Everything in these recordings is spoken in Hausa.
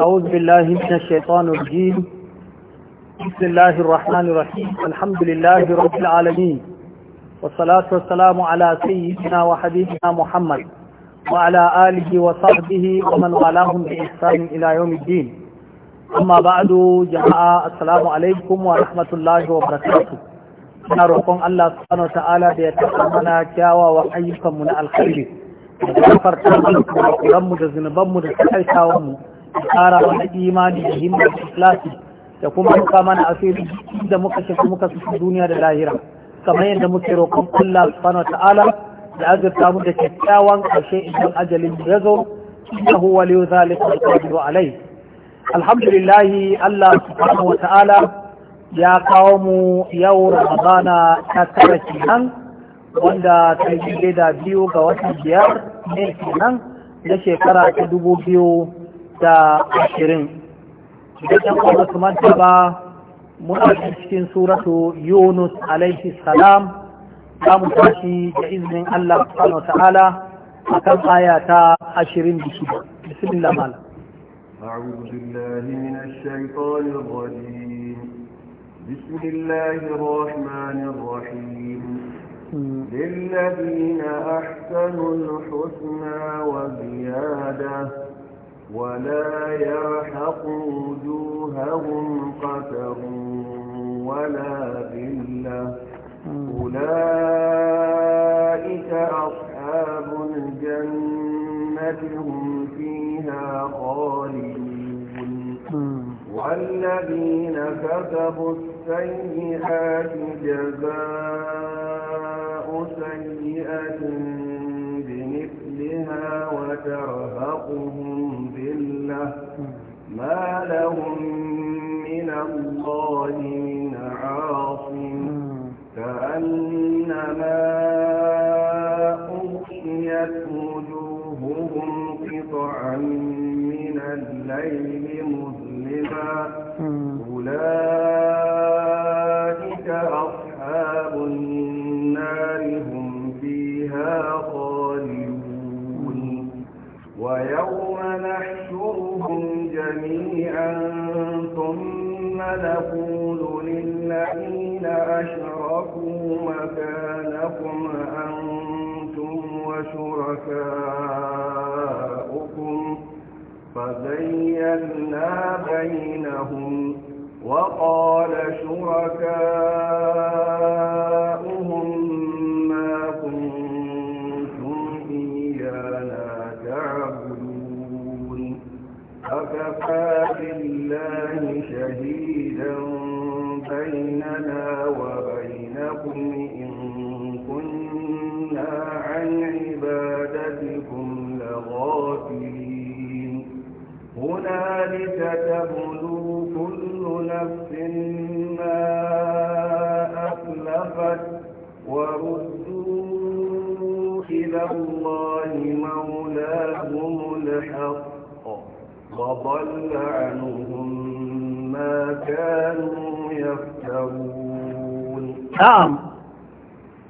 أعوذ بالله من الشيطان الرجيم بسم الله الرحمن الرحيم الحمد لله رب العالمين والصلاة والسلام على سيدنا وحبيبنا محمد وعلى آله وصحبه ومن والاهم بإحسان إلى يوم الدين أما بعد جاء السلام عليكم ورحمة الله وبركاته أنا الله سبحانه وتعالى بيتقامنا كاوى وحيكم من الخير da farkon mu da zunubanmu da takaitawanmu tsara wani imani da da ikhlasi da kuma rufa mana asiri da muka shafi muka su duniya da lahira kamar yadda muke roƙon Allah subhanahu ta'ala da azurta mu da kyakkyawan ƙarshe idan ajalin ya zo innahu waliyu zalika alqadiru alai alhamdulillah Allah subhanahu wa ta'ala ya kawo mu yau Ramadana ta tara kenan wanda ta yi da biyu ga watan biyar ne kenan na shekara ta dubu biyu da ashirin idan ɗan ƙwarar su manta ba muna cikin suratu yunus alaihi salam za mu tashi da izinin allah subhanahu wa ta'ala a kan aya ta ashirin da shida bismillah malam أعوذ بالله من الشيطان الرجيم بسم الله الرحمن الرحيم للذين أحسنوا الحسنى وزيادة ولا يرحق وجوههم قتر ولا ذلة أولئك أصحاب الجنة هم فيها خالدون والذين كتبوا السيئات جزاء سيئة بمثلها وترهقهم ما لهم من الله من عاصم كأنما أغشيت وجوههم قطعا من الليل مظلما أولئك جميعا ثم نقول للذين أشركوا مكانكم أنتم وشركاؤكم فزينا بينهم وقال شركاؤكم وكفى بالله شهيدا بيننا وبينكم إن كنا عن عبادتكم لغافلين هنالك تبلو كل نفس ما أخلفت وردوا إلى الله مولاهم الحق وضل عنهم ما كانوا يفترون نعم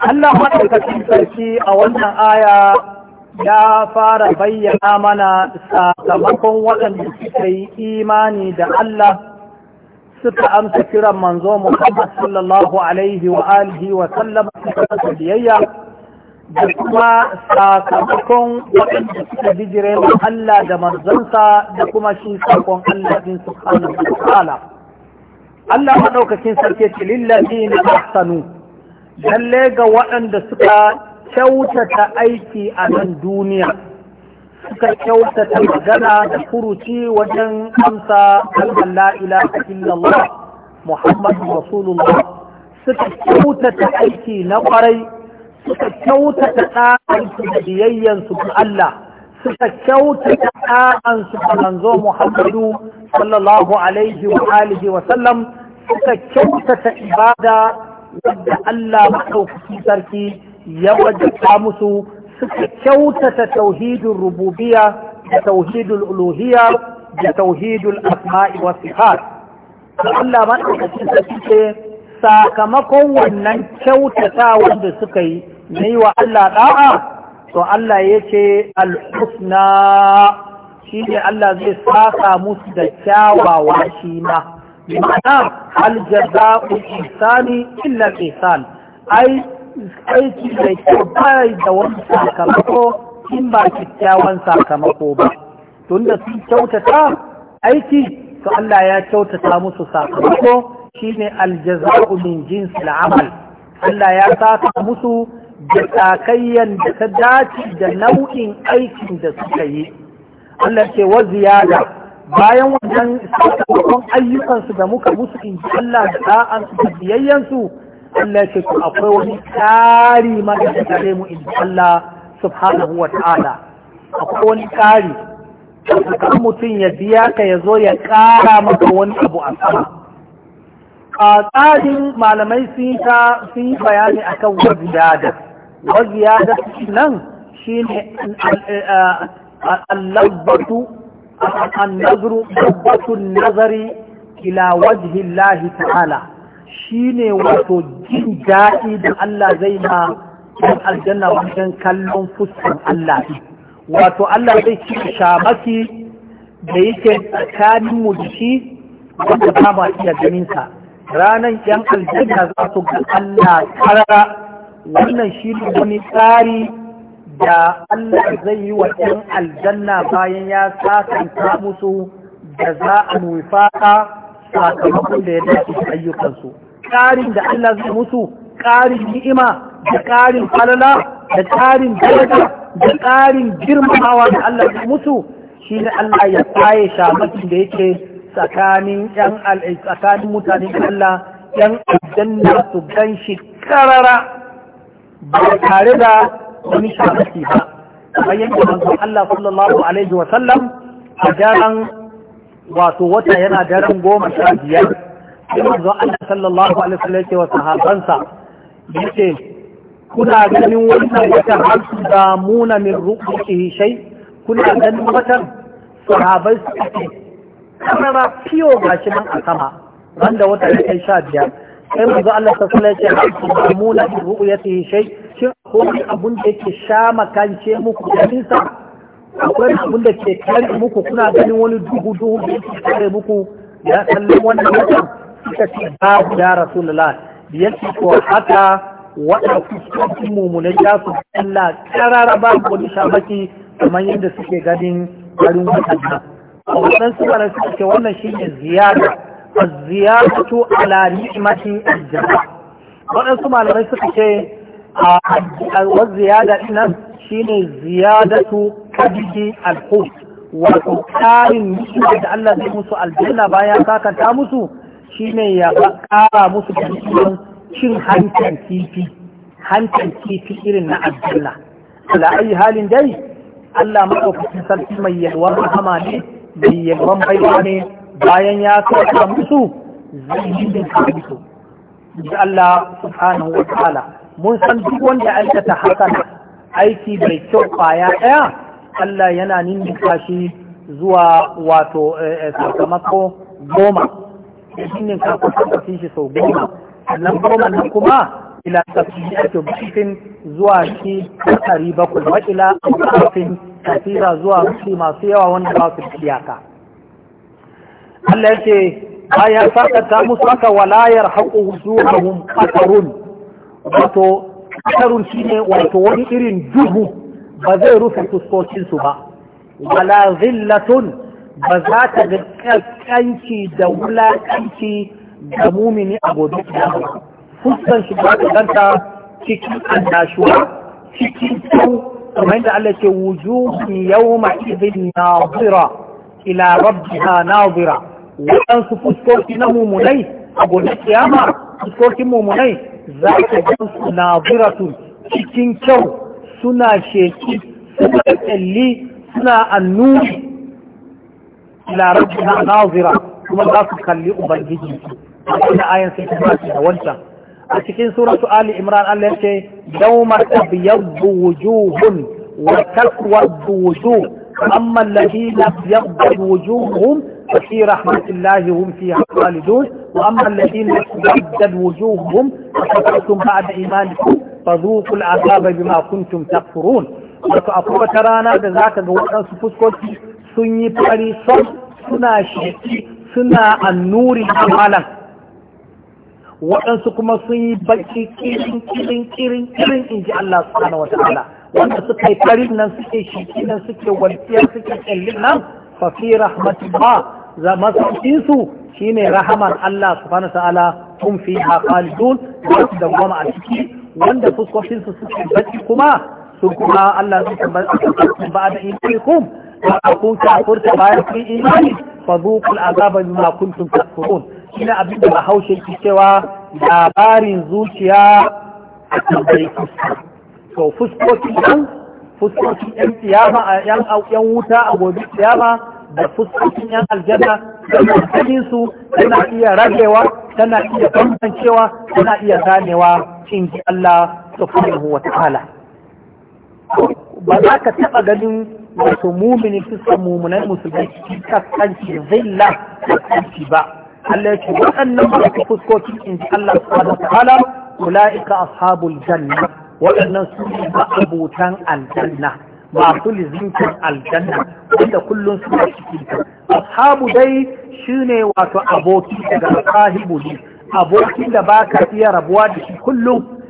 Allah maɗaukacin sarki a wannan aya ya fara bayyana mana sakamakon waɗanda suka imani da Allah suka amsa kiran manzo Muhammad sallallahu alaihi wa wa sallam biyayya da kuma sakamakon waɗanda suka bijire wa Allah da manzansa da kuma shi sakon Allah din subhanahu wa ta'ala Allah madaukakin sarki ce na ahsanu lalle ga waɗanda suka kyautata aiki a nan duniya suka kyautata magana da furuci wajen amsa kalmar la ilaha illallah Muhammadu Rasulullah suka kyautata aiki na kwarai suka kyautata ɗa'ansu da biyayyansu ga Allah suka kyautata ɗa'ansu ga manzo Muhammadu sallallahu alaihi wa alihi wa sallam suka kyautata ibada wadda Allah maɗaukaki sarki ya wajabta musu suka kyautata tauhidin rububiya da tauhidul uluhiya da tauhidul asma'i wa sifat Allah maɗaukaki sarki ce sakamakon wannan kyautata wanda suka yi na yi wa Allah ɗa'a to Allah ya ce al'usna shi ne Allah zai saka musu da kyawawa shi ma ma'ana aljaza'u isani illa isan ai aiki da kyau bai da wani sakamako in ba kyakkyawan sakamako ba tunda sun kyautata aiki to Allah ya kyautata musu sakamako shine aljaza'u min jinsil amal Allah ya saka musu da takayyan da ta dace da nau'in aikin da suka yi Allah ce wa ziyada bayan wannan sakamakon ayyukansu da muka musu in ji Allah da da'ansu da biyayyansu Allah ce ku akwai wani tsari ma da tare mu in ji Allah subhanahu wa ta'ala akwai wani kari kan mutum ya biya ka ya zo ya ƙara maka wani abu a sama a tsarin malamai sun yi bayani akan wajiyada wajiyada nan shine al-labbatu an-nazru nazari ila wajhi Allah ta'ala shine wato jin daɗi da Allah zai ma dan aljanna wajen kallon fuskan Allah wato Allah zai ci shamaki da yake tsakanin mu da shi wanda ba ma iya ganin ranar yan aljanna za su ga Allah karara wannan shi ne wani tsari da Allah zai yi wa yan aljanna bayan ya sasanta musu da za a nufaka sakamakon da ya dace ayyukansu ƙarin da Allah zai musu ƙarin ni'ima da ƙarin falala da ƙarin daraja da ƙarin girmamawa da Allah zai musu shi ne Allah ya tsaye shamakin da yake tsakanin yan eh, tsakanin mutanen Allah yan aljanna su gan shi karara ba tare da wani shafaki ba kamar yadda manzon Allah sallallahu alaihi wa a daren wato wata yana daren goma sha biyar sai manzon Allah sallallahu alaihi wa sallam wa sahabansa yake kuna ganin wannan wata har su damuna min ru'yihi shay kuna ganin watan sahabai su karara fiyo gashi nan a sama wanda wata ya kai sha biyar sai mu zo Allah ta kula ce muna bi ru'yatihi shay shi ko abun da yake sha makance muku ganin sa akwai abun da ke kare muku kuna ganin wani duhu duhu da yake kare muku ya kallon wannan wata suka ce babu ya rasulullah yake ko haka waɗanda fuskokin mummunai ya su Allah karara ba wani shabaki kamar yadda suke ganin garin wannan waɗansu ba su ce wannan shi ne ziyara a ziyara tu ala ni'imati aljaba waɗansu malamai suka ce a wa ziyada ɗinan shine ne ziyada tu kabiki alhut wato ƙarin ni'ima da Allah zai musu aljanna bayan kakanta musu shi ne ya ƙara musu da ni'iman cin hankan kifi hankan kifi irin na aljanna ala ayi halin dai Allah maɗaukacin sarki mai yalwar rahama ne bai baiwa ne bayan ya saka musu zai yi da musu da Allah subhanahu wa ta'ala mun san duk wanda ya aikata haka aiki bai kyau kwaya ɗaya Allah yana ninninka shi zuwa wato eh, eh, sakamako goma ninninka ko sakamako shi sau goma nan goma nan kuma ila tafiya ke bukifin zuwa shi ɗari bakwai wa ila ɗari kafira zuwa rufi masu yawa wanda ba su iyaka Allah ya ce bayan sarkata musu aka walayar haƙo zuwahun ƙasarun wato ƙasarun shi ne wato wani irin duhu ba zai rufe fuskokinsu ba wala zillatun ba za ta ga ƙanci da wulaƙanci da mumini a gobe fuskan shi ba ta ganta cikin annashuwa cikin kyau kamar yadda Allah ce wujuhi yawma idhin nadira ila rabbiha nadira waɗansu fuskoki na mumunai a gobe kiyama fuskokin mumunai za ka gan su nadiratun cikin kyau suna sheki suna tsalli suna annuri ila rabbiha nadira kuma za su kalli ubangiji a wani ayan sai ta da wancan a cikin suratu ali imran Allah ya ce yawma tabyaddu wujuhun wa taswaddu wujuh amma alladhina tabyaddu wujuhum ففي رحمة الله هم فيها خالدون وأما الذين تبدل وجوههم فكفرتم بعد إيمانكم فذوقوا العذاب بما كنتم تكفرون wato a kuma ta rana da za ka ga waɗansu fuskoki sun yi fari son suna sheki suna annuri a malam waɗansu kuma sun yi baki kirin kirin kirin kirin in ji Allah subhanahu wa ta'ala wanda suka yi tarin nan suke shiki nan suke walfiya suke kyallin nan fa fi ba za masaukin su shine rahaman Allah subhanahu wa ta'ala hum fiha khalidun da su dawwama a ciki wanda fuskokin su suke baki kuma su kuma Allah zai tabbata ba da imanikum ba kun kafurta bayan kun imani fa zuqul azaba bima kuntum takfurun kila abin da bahaushe ke cewa labarin zuciya a tambayi fuska to fuskokin yan fuskokin yan tsiyama yan wuta a gobe tsiyama da fuskokin yan aljanna tana ganin su tana iya ragewa tana iya bambancewa tana iya ganewa in ji Allah subhanahu wa ta'ala ba za ka taɓa ganin wato mumini fuskar mumunan musulmai kaskanci zilla kaskanci ba Allah yake waɗannan masu fuskoki in ji Allah subhanahu wataala ulaika ashabul janna waɗannan su ne ma'abutan aljanna masu lizintar aljanna wanda kullum suna ciki ashabu dai shine wato aboki daga sahibu abokin da baka iya rabuwa da shi kullum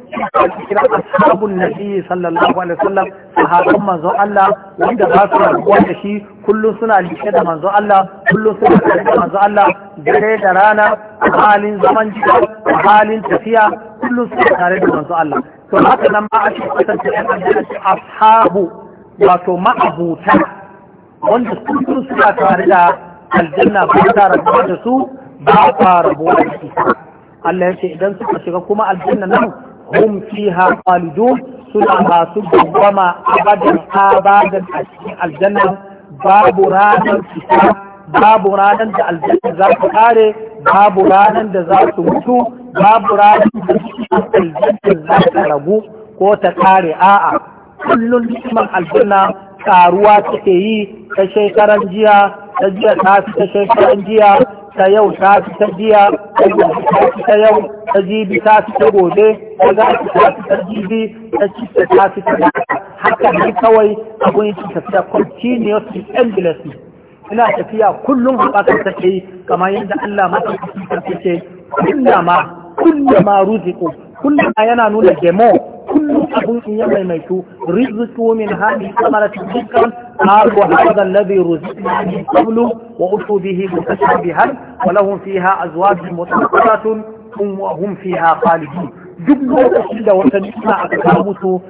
kira ashabun nabi sallallahu alaihi wasallam sahabban manzo Allah wanda ba su rabuwa da shi kullum suna liƙe da manzo Allah kullum suna tare da manzo Allah dare da rana a halin zaman jiki a halin tafiya kullum suna tare da manzo Allah to haka nan ma ake ashabu wato ma'abuta wanda suna tare da aljanna ba ta rabuwa da su ba ta rabuwa da Allah ya ce idan suka shiga kuma aljanna nan hum fiha khalidun suna masu dawwama abadan abadan a cikin aljanna babu ranar fita babu ranar da aljanna za su kare babu ranar da za su mutu babu ranar da aljanna za ta ragu ko ta kare a'a kullum ni'imar aljanna karuwa take yi ta shekaran jiya ta jiya ta ta shekaran jiya ta yau ta fi ta jiya ta fi ta yau ta jibi ta fi ta gobe ta za ta fi ta jibi ta ci ta fi ta haka ne kawai abun yake tafiya continuously endlessly ina tafiya kullum haɓakar ta ce kamar yadda Allah ma ta fi ta ce ma kullama kullama ruziko ma yana nuna demo kullum abun in ya maimaitu rizqu min hadi samarati dukkan قال وهذا الذي رزقنا من قبل وأتوا به متشابها ولهم فيها أزواج مطلقة وهم فيها خالدون duk lokacin da wata nuna aka ta mutu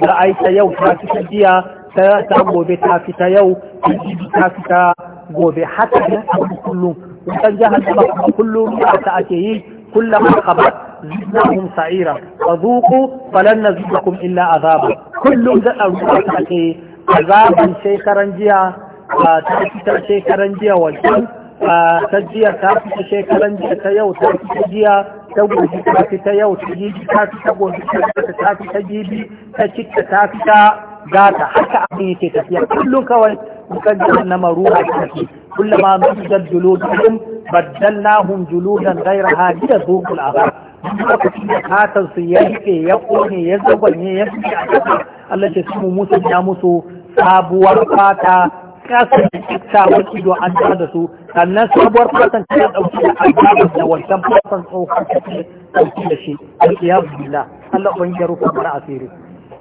da ai ta yau ta fita jiya ta gobe ta fita yau ta fita gobe haka ne kullum jihar da kullum ta ake yi كلما خبت زدناهم سعيرا فذوقوا فلن نزدكم إلا عذابا كل ذلك عذابا شيخرا جيا تأتي شيخرا جيا والجن تجيا تأتي شيخرا جيا تيو تأتي جيا تقول تأتي تيو تجيبي تأتي تقول تأتي تجيبي تشك تأتي gata haka abin yake tafiya kullum kawai bukan jahannama ruwa ta ke kullum ma zai jaddalo cikin baddallahum juludan ghayra hadiya zuqul azab lokacin da katar su ya rike ya kone ya zagwanye ya fi a kasa Allah ce su musu ya musu sabuwar fata kasa da wasu ido an tara da su sannan sabuwar fatan ta ɗauki da azabar da wancan fatan tsohon ta ce ɗauki da shi alƙiyamu billah Allah ban ya rufa mana asiri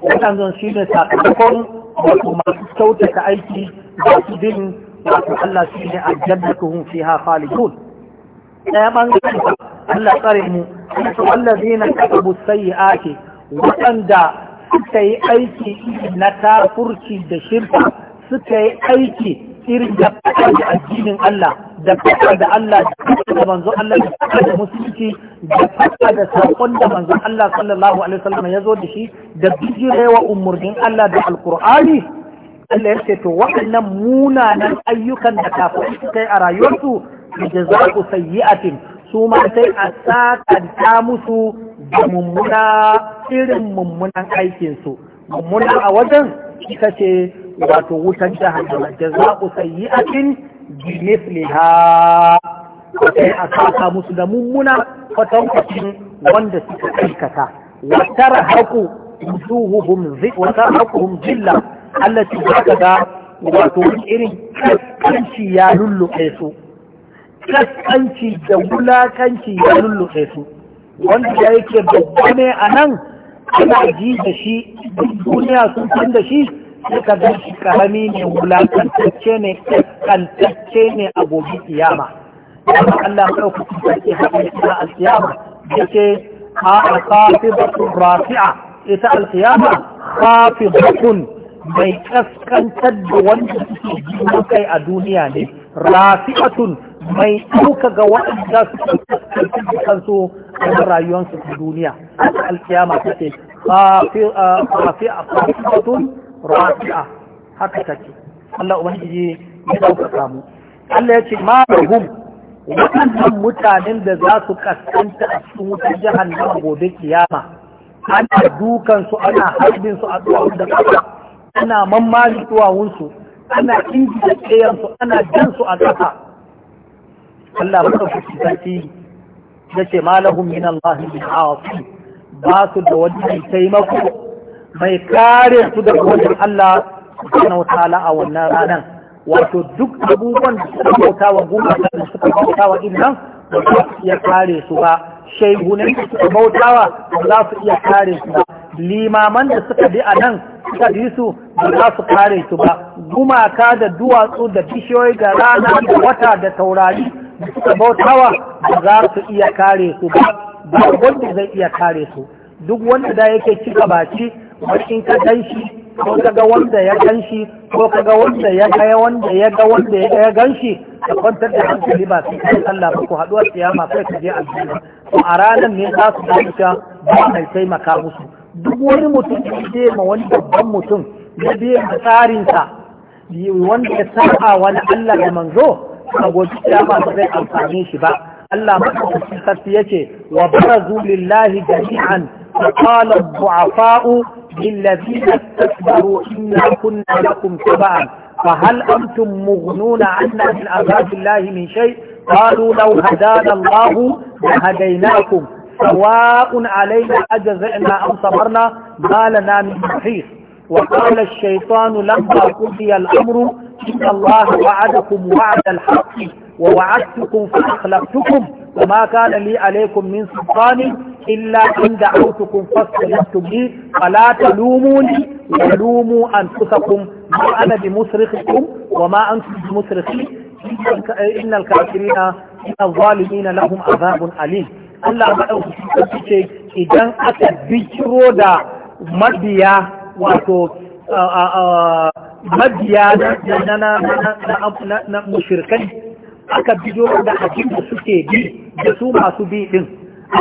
waɗannan shi ne sakamakon wato masu kyautata aiki ba su bin wato Allah shi ne aljannatuhum fiha khalidun ɗaya bangaren Allah tsare mu to allazina kasabu sayyi'ati waɗanda suka yi aiki na kafurci da shirka suka yi aiki irin da fata da addinin Allah da fata da Allah da manzo Allah da fata da musulunci da fata da sakon da manzo Allah sallallahu alaihi wasallam ya zo da shi da bijirewa umurnin Allah da alqur'ani Allah ya ce to waɗannan munanan ayyukan da kafin su kai a rayuwarsu da za ku sayyi'atin su ma sai a sakanta musu da mummuna irin mummunan aikinsu mummuna a wajen ita ce wato wutar jahannama da za ku sayyi'atin bi misliha sai a saƙa musu da mummuna kwatankwacin wanda suka aikata wa tarhaqu wujuhuhum Allah ce ka ga wato irin kaskanci ya lulluɓe su kaskanci da wulakanci ya lulluɓe su wanda ya yake babba ne a nan ana ji da shi duniya sun san da shi suka ga shi karami ne wulakantacce ne kaskantacce ne a gobe kiyama amma Allah ya ɗauka sarki haƙiƙa al-kiyama yake a kafin rafi'a ita al-kiyama kafin mai kaskantar da wanda suke jini kai a duniya ne rafi'atun mai ɗauka ga waɗanda suke kaskantar da kansu a rayuwarsu a duniya haka alkiyama ta ce rafi'atun rafi'a haka ta ce Allah ubangiji ya ɗauka mu Allah ya ce ma rahum waɗannan mutanen da za su kaskanta a cikin wutar jihar gobe kiyama ana dukansu ana harbin su a tsohon da ƙasa ana mammari duwawunsu ana injina tsayansu ana jansu a ƙasa Allah ba ku ci sarki ya ce malahum min Allah min aasi ba su da wani taimako mai kare su daga wajen Allah subhanahu wa ta'ala a wannan ranar wato duk abubuwan da suka bauta wa gumaka da suka bauta wa innan ba su ya kare su ba shaihunan ne bautawa za su iya kare su ba limaman da suka bi a nan suka bi su ba za su kare su ba gumaka da duwatsu da bishiyoyi ga rana da wata da taurari da suka bautawa ba za su iya kare su ba ba wanda zai iya kare su duk wanda da yake cika baci wani in ka gan shi ko kaga wanda ya gan shi ko kaga wanda ya wanda ya ga wanda ya gan shi ka kwantar da hankali ba sai kai Allah ba ku haɗu a kai ka je aljanna to a ranar ne za su dace ba kai taimaka musu duk wani mutum da ya ma wani babban mutum ya biya da tsarinsa wanda ya saba wani Allah da manzo a gobe kiyama ba zai amfane shi ba Allah madaukakin sarki yace wa barazu lillahi jami'an فقال الضعفاء للذين استكبروا إنا كنا لكم تبعا فهل أنتم مغنون عنا من عذاب الله من شيء قالوا لو هدانا الله لهديناكم سواء علينا اجزعنا أم صبرنا ما لنا من محيص وقال الشيطان لما قضي الأمر إن الله وعدكم وعد الحق ووعدتكم فأخلفتكم وما كان لي عليكم من سلطان إلا أن دعوتكم فاستجبتم لي فلا تلوموني ولوموا أنفسكم ما أنا بمصرخكم وما أنتم بمصرخي إن الكافرين إن الظالمين لهم عذاب أليم Allah maɗaukaki ce idan aka bikiro da mabiya wato mabiya na mushirkai aka bijo da abin da suke bi da su masu bi din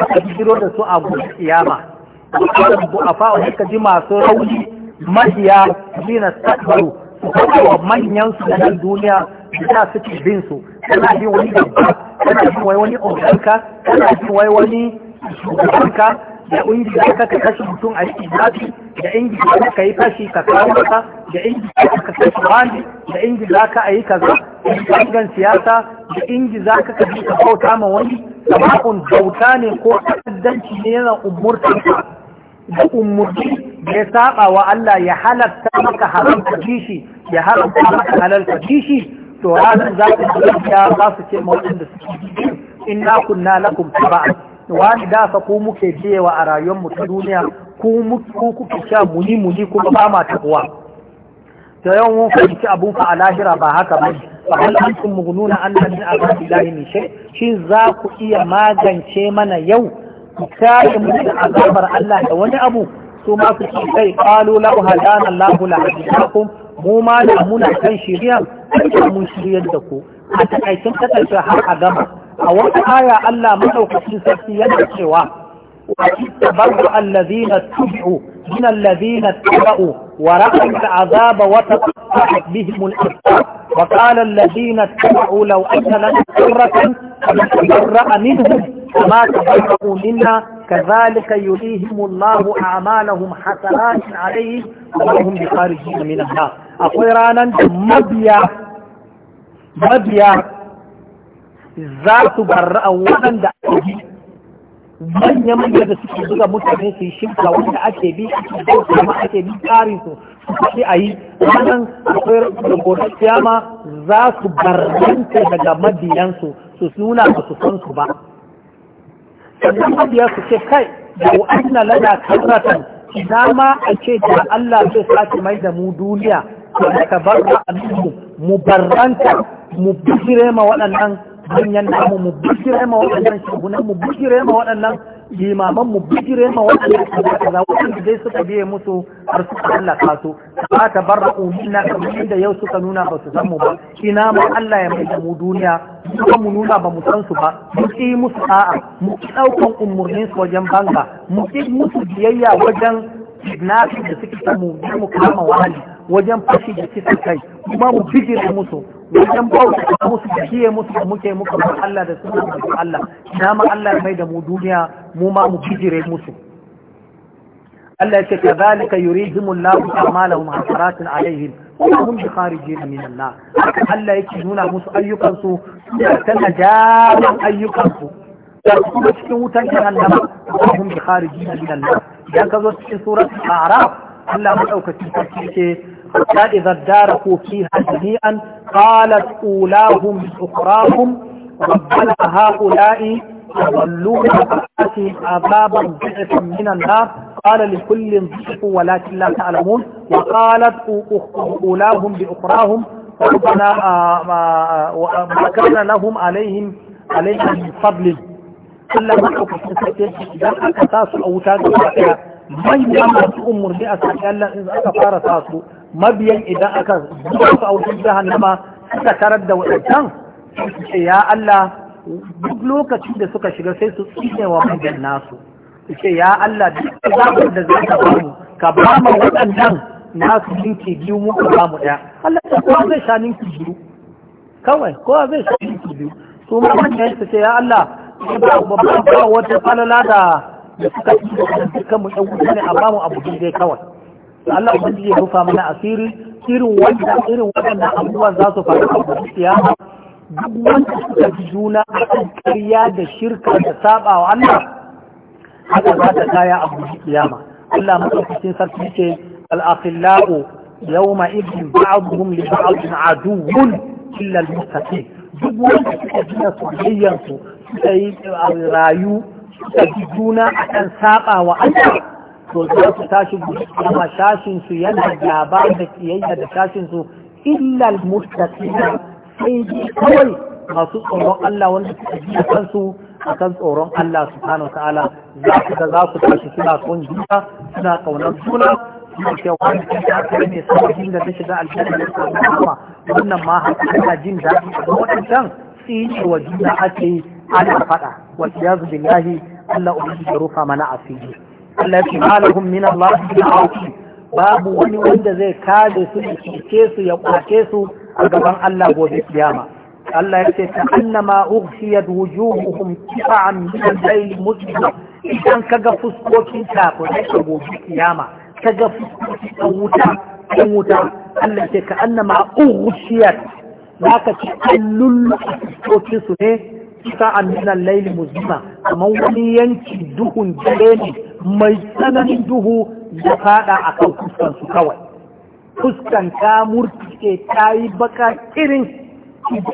aka bijo da su a gudu kiyama wajen bu'afa wani ka ji masu rauni mabiya zina sabaru su kawo manyan su na duniya da suke bin su kana bin wani gaba kana bin wani oganka kana bin wani shugabanka da inji za ka kashe mutum a cikin zafi da inji za ka yi fashi ka kawo ka da inji za ka kashe wani da inji za ka a yi kaza bangan siyasa da inji za ka kashe ka bauta ma wani sama'un bauta ne ko ta'addanci ne yana umurtar da umurci da ya saba wa Allah ya halatta maka haramta kishi ya haramta maka halalta kishi to ranar za ka ya ba su ce ma waɗanda suke inna kunna lakum taba'a wani dafa ko muke cewa a rayuwarmu ta duniya ko kuke sha muni muni kuma ba ma tabuwa da yawan mun fahimci abun fa a lahira ba haka ba fa hal antum mughnuna anna min azabi llahi min shay shin za ku iya magance mana yau ku kare mu da azabar Allah da wani abu su ma su ce kai qalu hadana Allahu a hadinakum mu ma da muna kan shiriya sai mun shiryar da ku a takaicin takaice har a gama a آية ألا Allah madaukakin sarki yana cewa وإذ تبرأ الذين اتبعوا من الذين اتبعوا ورأوا العذاب وتقطعت بهم الأسباب وقال الذين اتبعوا لو أن لنا كرة فنتبرأ منهم كما تبرأوا منا كذلك يريهم الله أعمالهم حسنات عليهم وهم بخارجين من النار أخيرانا رانا مبيا مبيا za su a waɗanda ake bi manya manya da suke buga mutane su yi shimka wanda ake bi ake bi kuma ake bi tsari su su kashe a yi wannan akwai rubuta kiyama za su barranta daga mabiyansu su nuna ba su san su ba sannan mabiya su ce kai da wa'anna lana karratan ina ma a ce da Allah zai sake mai da mu duniya to da ka barra mu barranta mu bijire ma waɗannan manyan namu mu bijire ma waɗannan shugunan mu bijire ma waɗannan limaman mu ma waɗannan kaza kaza waɗanda dai suka biye musu har suka hallaka su ba ta barra umina kamar inda yau suka nuna ba su san mu ba ina ma Allah ya mai da mu duniya kuma mu nuna ba mu san su ba mu ki musu a'a mu ki daukan umurnin su wajen banga mu ki musu biyayya wajen kidnapping da suke samu mu kama wani wajen fashi da kisa kai kuma mu bijire musu wajen bauta da musu da shiye musu da muke muka ba Allah da suna da Allah na Allah mai da mu duniya mu ma mu bijire musu Allah yake kadhalika yuridhimullahu a'malahum hasaratin alaihim وهم بخارجين من النار ألا Kuma موسى أيكم تنا جاما أيكم تقوم تكون allah وهم بخارجين من النار يا كذا في سورة الأعراف ألا ملأوك تكتيك حتى إذا اداركوا فيها جميعا قالت أولاهم أخراهم ربنا هؤلاء يضلون فآتهم عذابا ضعفا من النار قال لكل ضعف ولكن لا تعلمون وقالت أولاهم بأخراهم ربنا ما كان لهم عليهم عليهم من فضل إلا ما حكم إذا أكتاسوا أو تاسوا manyan masu umarni a sashen Allah in aka fara tasu mabiyan idan aka zuwa su a wutar jahannama suka tarar da waɗancan ce ya Allah duk lokacin da suka shiga sai su tsine wa mabiyan nasu su ce ya Allah duk zaɓar da zai ka bamu ka ba mu waɗannan nasu ninki biyu mu ka ba mu ɗaya Allah ta kowa zai sha ninki biyu kawai kowa zai sha ninki biyu su ma manyan su ce ya Allah ba wata falala da suka ci da kan mu ɗan wuta ne a bamu abu dai kawai to Allah ubangiji ya rufa mana asiri irin wanda irin waɗannan abubuwan za su faru a gobe kiyama duk wanda suka ji juna a kan ƙarya da shirka da saba wa Allah haka za ta kaya a gobe kiyama Allah madaukakin sarki ce al-akhillau yawma idin ba'dhum li ba'dhin aduwwun illa al-muttaqin duk wanda suka ji soyayyansu suka yi rayu suka ji juna a kan saba wa Allah to za su tashi kuma tashin su yana gaba da kiyayya da tashin su illal muttaqina sai dai kawai masu tsoron Allah wanda suka ji kansu akan tsoron Allah subhanahu wa ta'ala za su ga za su tashi suna son juna suna kaunar juna suna cewa wani kan ta kai ne sabbin da ta shiga aljanna da ta kuma wannan ma har ana jin daɗi a wadannan tsine wa juna ake ana faɗa wa iyazu billahi Allah ubangiji ya rufa mana asiri Allah babu wani wanda zai kare su ya su ya kwace su a gaban Allah gobe kiyama Allah ya ce ta annama ughshiyat wujuhuhum qita'an min idan kaga fuskokin ta ko gobe kiyama kaga fuskokin ta wuta ta wuta Allah ce ka annama ughshiyat zaka ci allul fuskokin su ne sa'an minan laili muzima amma wani yanki duhun dare ne mai tsananin duhu da fada a kan fuskansu kawai fuskan ta murtike ta yi baka irin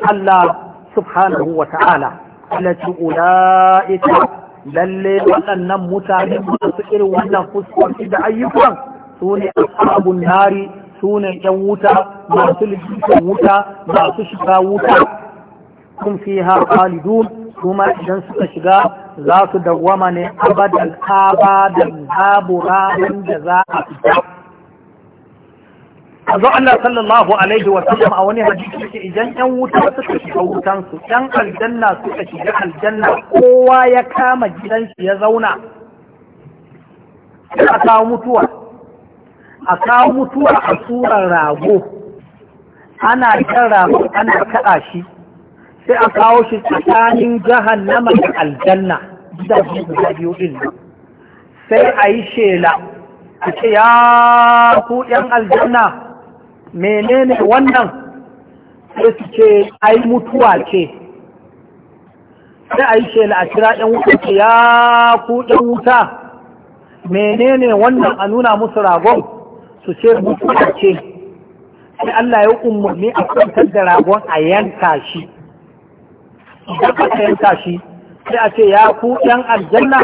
Allah subhanahu wa ta'ala alati ula'ika lalle waɗannan mutane masu irin wannan fuskoki da ayyukan su ne dari, nari su ne wuta masu likitan wuta masu shiga wuta kun fi ha khalidun kuma idan suka shiga za su dawwama ne abadan abadan babu ranar da za a fita Azo Allah sallallahu alaihi wa sallam a wani hadisi yake idan 'yan wuta suka shiga wutan su ƴan aljanna suka shiga aljanna kowa ya kama gidan shi ya zauna a kawo mutuwa a kawo mutuwa a surar rago ana kan rago ana kaɗa shi sai a kawo shi tsakanin jahannama da aljanna da biyu din sai a yi shela a ce ya ku yan aljanna menene wannan sai su ce ai mutuwa ce sai a yi shela a kira yan wuta ce ya ku yan wuta menene wannan a nuna musu ragon su ce mutuwa ce sai Allah ya umarni a kwantar da ragon a yanka shi idan aka yanka shi sai a ce ya ku yan aljanna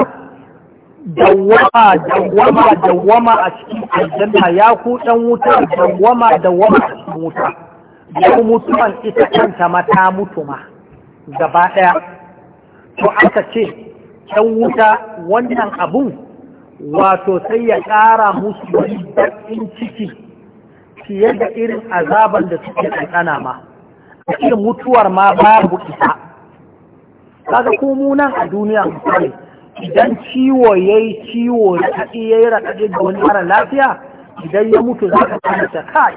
dawwama dawwama dawwama a cikin aljanna ya ku dan wuta dawwama dawwama a cikin wuta ya mutuwan ita kanta ma ta mutu ma gaba ɗaya to aka ce ɗan wuta wannan abun wato sai ya ƙara musu wani baƙin ciki fiye da irin azaban da suke ɗanɗana ma a cikin mutuwar ma babu ita kaga ko mu nan a duniya misali idan ciwo ya yi ciwo ya yi raɗaɗe ga wani mara lafiya idan ya mutu za ka kama ta kai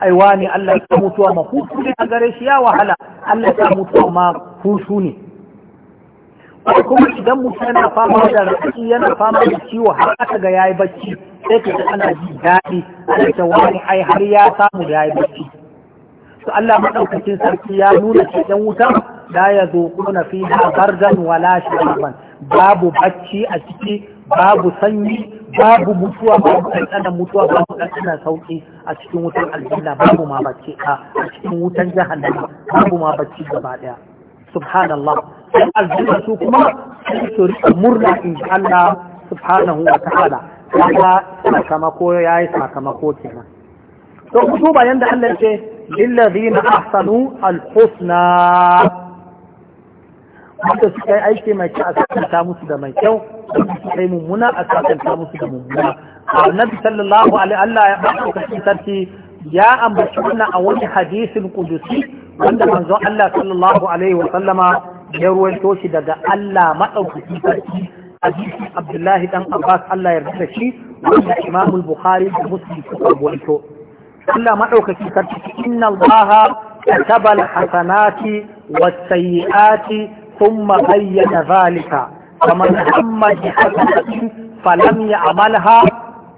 aiwa ne Allah ya mutuwa ma hutu ne a gare shi ya wahala Allah ya mutuwa ma hutu ne ko kuma idan mutum yana fama da raɗaɗe yana fama da ciwo har aka ga ya yi bacci sai ka ji ana ji daɗi ana ta wani ai har ya samu yi bacci to Allah madaukakin sarki ya nuna shi wutan? wuta la yazuquna fiha bardan wala sharaban babu bacci a ciki babu sanyi babu mutuwa babu ɗanɗana mutuwa babu ɗanɗana sauƙi a cikin wutan aljanna babu ma bacci a cikin wutan jahannama babu ma bacci gaba ɗaya subhanallah sai aljanna kuma sai su riƙa murna in ji subhanahu wa ta'ala kaga sakamako yayi sakamako kenan to ku duba yanda Allah ce al husna wanda suka yi aiki mai kyau a sakanta musu da mai kyau wanda suka yi mummuna a sakanta musu da mummuna annabi sallallahu alaihi Allah ya bada lokacin sarki ya ambaci wannan a wani hadisin kudusi wanda manzon Allah sallallahu alaihi wa sallama ya ruwaito shi daga Allah madaukakin sarki hadisin Abdullahi dan Abbas Allah ya yarda shi wanda Imam Bukhari da Muslim suka ruwaito Allah madaukakin sarki inna Allah كتب الحسنات والسيئات ثم بين ذلك فمن هم بحسنة فلم يعملها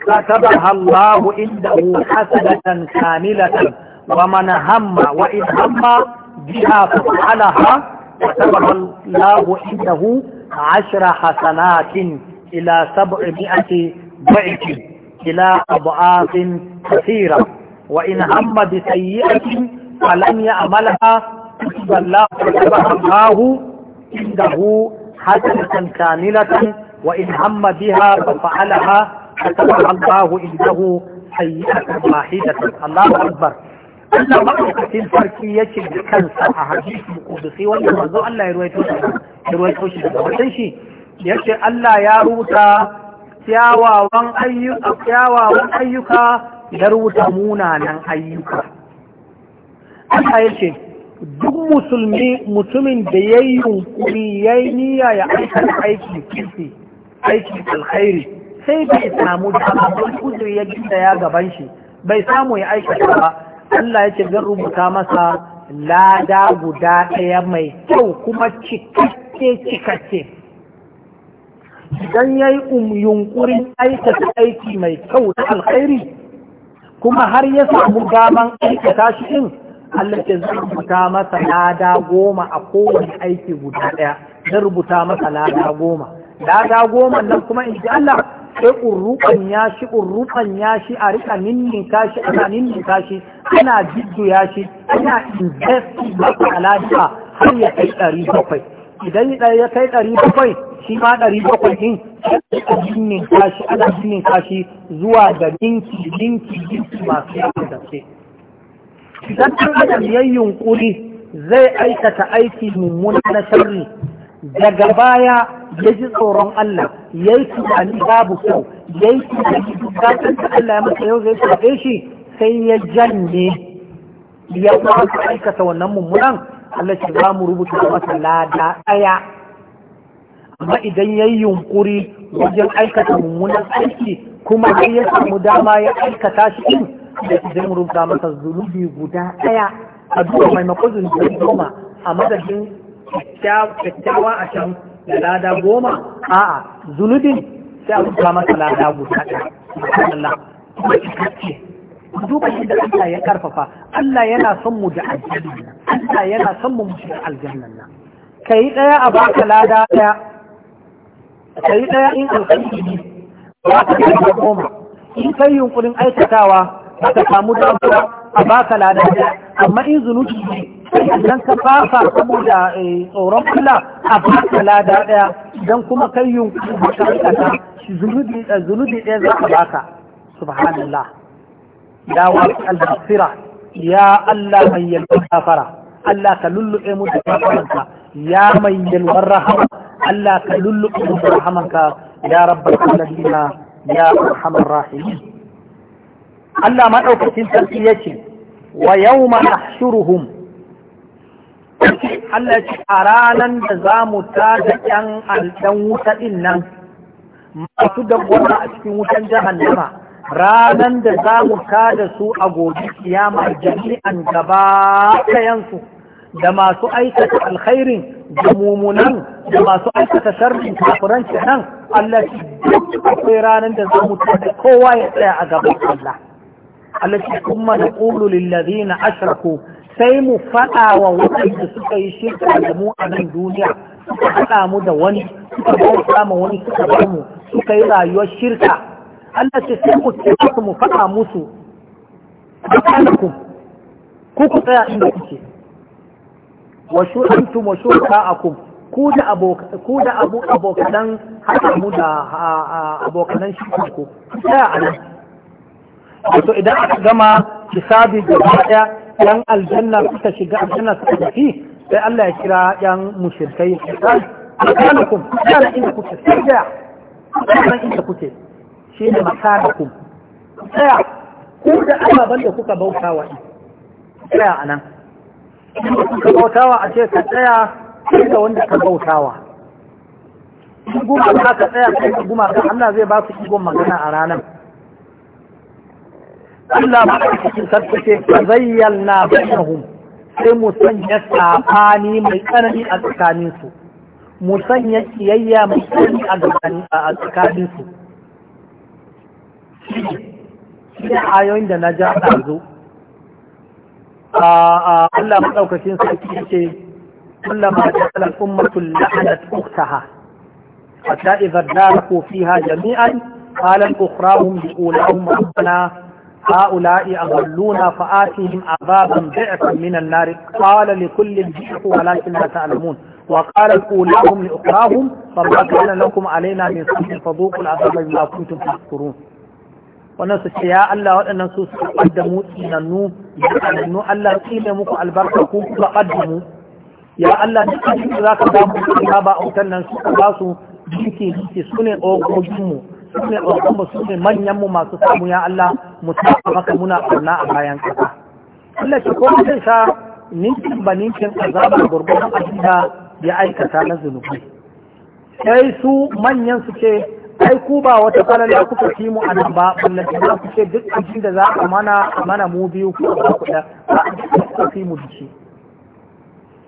كتبها الله عنده حسنة كاملة ومن هم وإن هم بها ففعلها كتبها الله عنده عشر حسنات إلى سبعمائة ضعف إلى أضعاف كثيرة وإن هم بسيئة فلم يعملها كتب الله كتبها الله عنده حسنة كاملة وإن هم بها ففعلها كتبها الله عنده سيئة واحدة الله أكبر sarki ya ce da kansa a hadisi kudusi wanda manzo Allah ya ruwaito shi ya ayyuka rubuta munanan ayyuka duk musulmi mutumin da ya yi yunkuri ya yi niyya ya aikata aiki kirki aiki alkhairi sai bai samu dama don kuzuri ya gida ya gaban shi bai samu ya aikata ba Allah ya ce zan rubuta masa lada guda ɗaya mai kyau kuma cikakke cikakke idan ya yi um-, yunkurin aikata aiki mai kyau na alkhairi kuma har ya samu daman aikata shi din Allah ke zai rubuta masa lada goma a kowane aiki guda ɗaya zai rubuta masa lada goma lada goma nan kuma in ji Allah sai ƙurruƙan ya shi ƙurruƙan ya shi a rika kashi, a ana ninnin kashi, ana ya shi ana invest masa a lada har ya kai ɗari bakwai idan ya kai ɗari bakwai shi ma ɗari bakwai ɗin ninnin kashi, ana ninnin kashi zuwa ga ninki ninki ninki masu yawan gaske idan ɗan adam yunƙuri zai aikata aiki mummuna na sharri daga baya ya ji tsoron Allah ya yi tunani babu kyau ya yi tunani bukatar da Allah ya masa yau zai shafe shi sai ya janye ya kuma aikata wannan mummunan Allah shi za mu rubuta masa lada ɗaya amma idan ya yi yunƙuri wajen aikata mummunan aiki kuma har ya mu dama ya aikata shi da ke zai rubuta masa zunubi guda ɗaya a duka maimakon zunubi goma a madadin kyakkyawa a can da lada goma a'a zunubin sai a duka masa lada guda ɗaya duba shi da Allah ya karfafa Allah yana son mu da aljanna Allah yana son mu da aljanna nan kai daya a baka lada daya kai daya in alkhairi ba ka da goma in kai yunkurin aikatawa baka samu damuwa a baka lada amma in zunubi ne idan ka fafa saboda eh, tsoron kula a baka lada daya idan kuma kai yunkuri da kankata eh, zunubi ɗaya za ka baka subhanallah ya wasu al-basira ya Allah mai yalwar kafara Allah ka lulluɓe mu da kafaranka ya mai yalwar rahama Allah ka lulluɓe mu da rahamanka ya rabbal alamin ya arhamar rahimin Allah maɗaukacin sarki ya ce wa yau mana shuruhum Allah ce a ranar da za mu ta da ‘yan alɗan wuta ɗin nan masu dangwata a cikin wutan jahannama ranar da za mu ta da su a gobe kiyama jami'an gaba ɗayansu da masu aikata alkhairin da mumunan da masu aikata sharrin kafiran nan Allah ce duk akwai ranar da za mu ta da kowa ya tsaya a gaban Allah التي ثم نقول للذين أشركوا سيم فتا ووحيد سكي mu جموعة من دنيا suka haɗa mu da wani suka bauta ma wani suka bar mu suka yi rayuwar shirka Allah ce sai ku ce ku mu faɗa musu ku ku ku tsaya inda kuke wa shu antum wa shuraka'akum ku da abokan ku da abokan haɗa mu da abokan shirka ku tsaya a nan wato idan aka gama hisabi gaba daya yan aljanna suka shiga aljanna suka tafi sai Allah ya kira yan mushrikai makanakum kana inda kuke tsaya kana inda kuke shi ne makanakum tsaya ku da ababen da kuka bauta wa tsaya anan kuka bautawa a ce ka tsaya da wanda ka bautawa guma ka tsaya kai guma Allah zai ba su igon magana a ranar Allah maɗaukakin sarki ce zayyana bainahum sai mu sanya tsafani mai tsanani a tsakaninsu mu sanya kiyayya mai tsanani a tsakaninsu shi ayoyin da na ja ɗazu Allah maɗaukakin sarki ce كلما دخلت أمة لعنت أختها حتى إذا اداركوا فيها جميعا قال الأخراهم لأولاهم ربنا هؤلاء أضلون فآتهم عذابا ضعفا من النار قال لكل ضعف ولكن لا تعلمون وقال أولاهم لأخراهم فما كان لكم علينا من سبب فذوقوا العذاب بما كنتم تذكرون wannan su ce ya Allah waɗannan su su kaddamu tsinannu ya tsinannu Allah tsine muku albarka ku kuka kaddamu ya Allah duk abin za zaka ba mu ba autan nan su ba su dinki dinki su ne mu su ne ba su ne manyanmu masu samu ya Allah mu taɓa maka muna ƙarna a bayan ƙasa Allah ce ko zai sha ninkin ba ninkin azabar gurgurdan abin ya aikata na zunubi sai su manyan su ce ai ku ba wata da kuka ci mu anan ba ballan za ku ce duk abin da za a mana mana mu biyu ku ba ku da ba ku ci mu dishi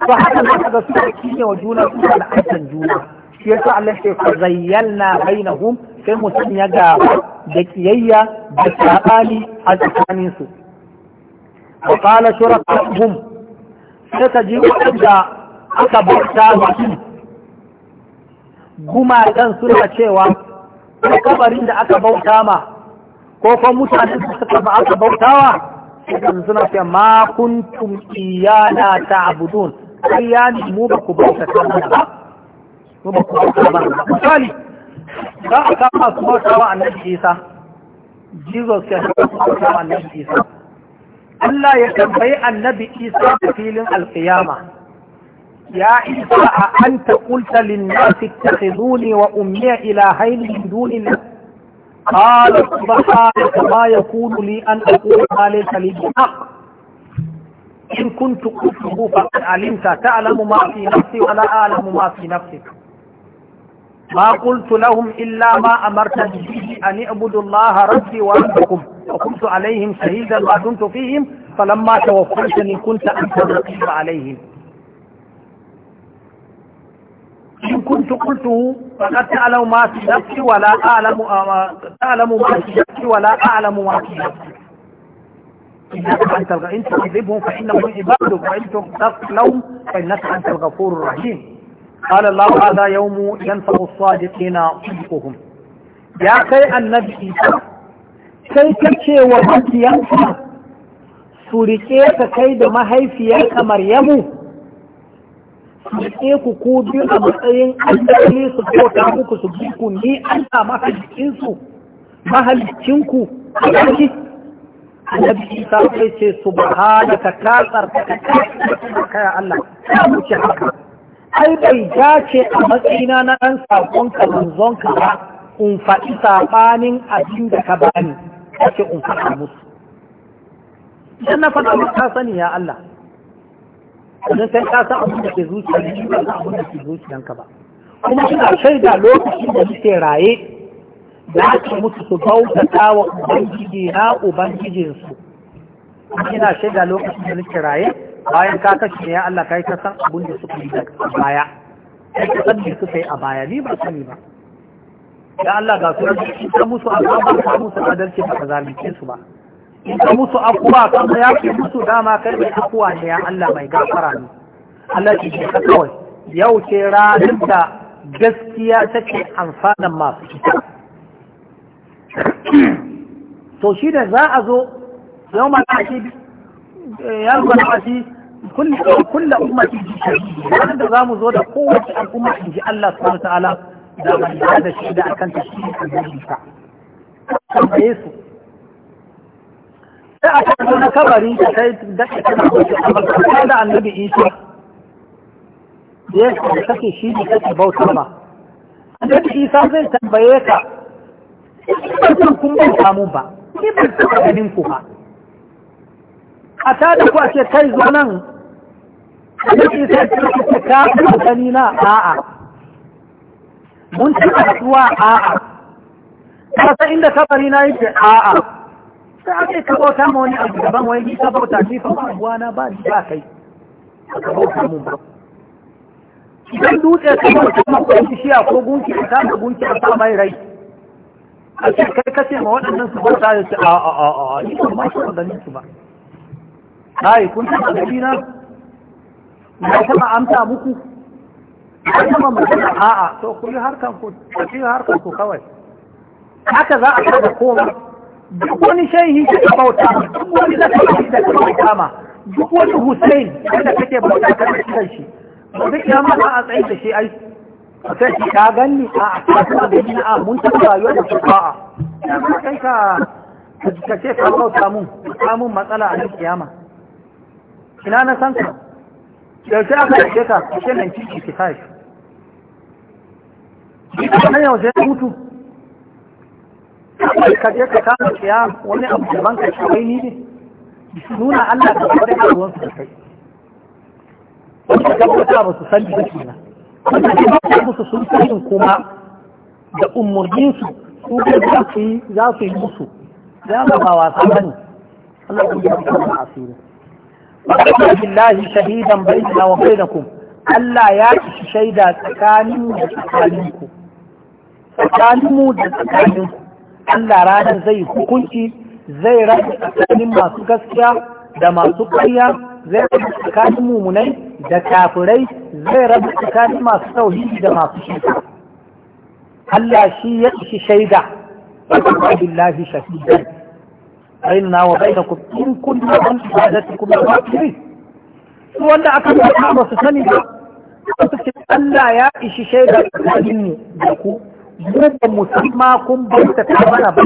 to haka ne daga su ne wa juna su da aikin juna shi yasa Allah ce fa zayyalna bainahum sai mutum ya ga da kiyayya da sabani a tsakanin su wa qala shurakahum sai ka ji wanda aka bauta wa gumakan suna cewa ko kabarin da aka bauta ma ko kuma mutanen da suka ba aka bautawa sai suna cewa ma kuntum iyana ta'budun ya mu ba ku bauta ta ba misali za a kama su bauta wa annabi isa jesus ya kama wa annabi isa Allah ya tambayi annabi isa da filin alkiyama يا عيسى أأنت قلت للناس اتخذوني وأمي إلهين من دون الله قال سبحانك ما يكون لي أن أقول ما ليس لي بحق إن كنت قلته فقد علمت تعلم ما في نفسي ولا أعلم ما في نفسك ما قلت لهم إلا ما أمرت به أن اعبدوا الله ربي وربكم وكنت عليهم شهيدا ما دمت فيهم فلما توفيتني كنت أنت الرقيب عليهم إن كنت قلته فقد تعلم ما في نفسي ولا أعلم تعلم ما في نفسي ولا أعلم ما في نفسي إنك أنت إن تكذبهم فإنهم عبادك وإن تغفر لهم فإنك أنت الغفور الرحيم قال الله هذا يوم ينفع الصادقين صدقهم يا كي النبي كي كي وقت ينفع سوريكيك كي دما هيفيك مريم Suke ku ko biyu a matsayin allali su kyauta muku su bi ku ni Allah mahalicinsu mahalicinku a ciki annabi isa sai ce subhanaka ka tsarkaka ka ya Allah ka haka ai bai dace a matsayina na ɗan saƙonka manzonka ba in faɗi saɓanin abin da ka bani ce in faɗa musu idan na faɗa musu ta sani ya Allah idan kai ka san abin da ke zuciya ne ba san abin da ke zuciyanka ba kuma ina shaida lokacin da muke raye da ake mutu su bautata wa ubangiji na ubangijinsu ina shaida lokacin da muke raye bayan ka kashe ya Allah kai ka san abin da suka yi a baya kai ka san me suka yi a baya ni ba sani ba ya Allah ga su ka musu azaba ka musu adalci ba ka zalunce su ba in ka musu akuwa kan ya ke musu dama kai mai akuwa ne ya Allah mai gafara ne Allah ke ji ka kawai yau ce ranar da gaskiya take amfanan masu ita to shi da za a zo yau ma eh, ta shi ya gwada shi kulla ummati ji shahidi da za mu zo da kowace al'umma in ji Allah subhanahu wa ta'ala da ban da shaida akan ta shi annabi ka tambaye su sai a kan na kabari da kai da kana da amma da annabi Isa ya kake shi ne kake bauta ma annabi Isa zai tambaye ka kun kun bauta mu ba ni ban taɓa ganin ku ba a tada ku a ce kai zo nan Annabi sai ya ce ka ka gani na a'a. Mun ci kasuwa a'a. Ka san inda kabari na yi ce. a'a. Sai ake ka bauta ma wani abu daban wai ni ka ta ni fa uwa na ba ni ba kai. Ka bauta mun ba. Idan dutse ka bauta ma shi bishiya ko gunki ka kama gunki ka sa mai rai. a ce kai kace ma waɗannan su bauta da su A'a a a a ni ma shi ba ganin su ba ai kun ta gani na na taba amsa muku na taba magana a'a to ku yi harkan ku ku yi harkan ku kawai haka za a taba koma duk wani shehi da bauta duk wani da ka bauta ma duk wani Hussein da kake bauta ka da shi duk ya ma za a tsaye da shi ai sai shi ka ganni a a ta da ni a mun ta rayuwa da a'a ya kai ka ka ce ka bauta mun ka mun matsala a duk kiyama ina na san ka sai aka yake ka kusa nan ciki ki kai ita yaushe ya mutu ka je ka kama kiya wani abu da banka shi wai ni ne nuna Allah ka kare ka ruwan su kai wanda ka kusa ba su san da shi na wanda ka kusa musu sun sani kuma da umurnin su su za su yi musu Za ya ba wasa bane Allah ya kusa a asiri وكفى بالله شهيدا بيننا وبينكم ku. يأتي شهيدا تكانم وتكانمكم تكانم وتكانمكم ألا رانا زي كنتي زي رانا تكانم ما سكسيا دما سكسيا zai rabu tsakanin mummunai da kafirai zai rabu tsakanin masu tauhidi da masu shirka Allah shi ya ishi shaida wa billahi shahidan bainana wa bainakum in kunna an ibadatikum la mu'minin su wanda aka faɗa ba su sani ba suke Allah ya ishi shaidar tsakanin ne da ku mu musamman kun bauta ta mana ba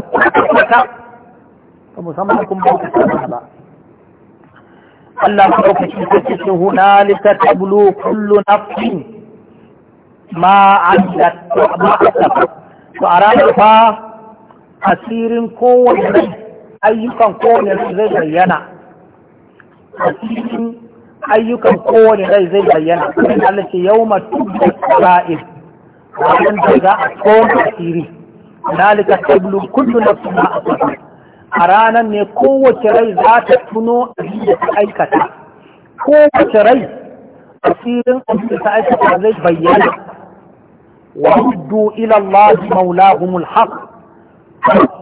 ba musamman kun bauta ta mana ba Allah ma ɗaukaki ta ce ta tablu kullu nafsin ma amilat ma ba. to a ranar fa asirin kowanne ayyukan kowane rai zai bayyana a cikin ayyukan kowane rai zai bayyana sai Allah ce yau ma tubba sa'il wannan da za a koma asiri dalika tablu kullu nafsin ma asbahat a ranar ne kowace rai za ta tuno abin da ta aikata kowace rai asirin abin da ta aikata zai bayyana wa ruddu ila Allah maulahumul haqq